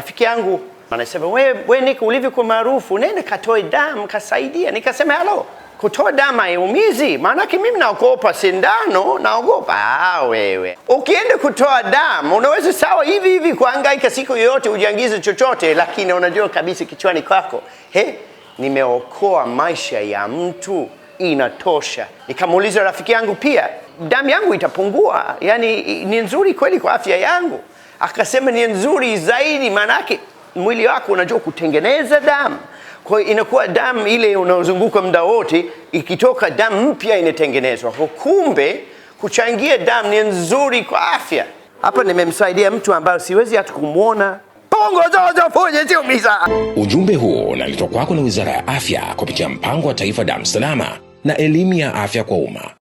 rafiki yangu anasema we, we Nick, ulivyokuwa maarufu, nene katoe damu kasaidia. Nikasema halo, kutoa damu haiumizi, maanake mimi naogopa sindano, naogopa ah, wewe. Ukienda kutoa damu unaweza sawa hivi hivi kuangaika siku yoyote ujiangize chochote, lakini unajua kabisa kichwani kwako he, nimeokoa maisha ya mtu, inatosha. Nikamuuliza rafiki yangu pia, damu yangu itapungua, yani ni nzuri kweli kwa afya yangu? akasema ni nzuri zaidi, maanake mwili wako unajua kutengeneza damu kwa inakuwa damu ile unaozunguka muda wote, ikitoka damu mpya inatengenezwa. Kumbe kuchangia damu ni nzuri kwa afya. Hapa nimemsaidia mtu ambayo siwezi hata kumwona. Bongo zozo sio misa. Ujumbe huo unaletwa kwako na Wizara ya Afya kupitia mpango wa Taifa Damu Salama na elimu ya afya kwa umma.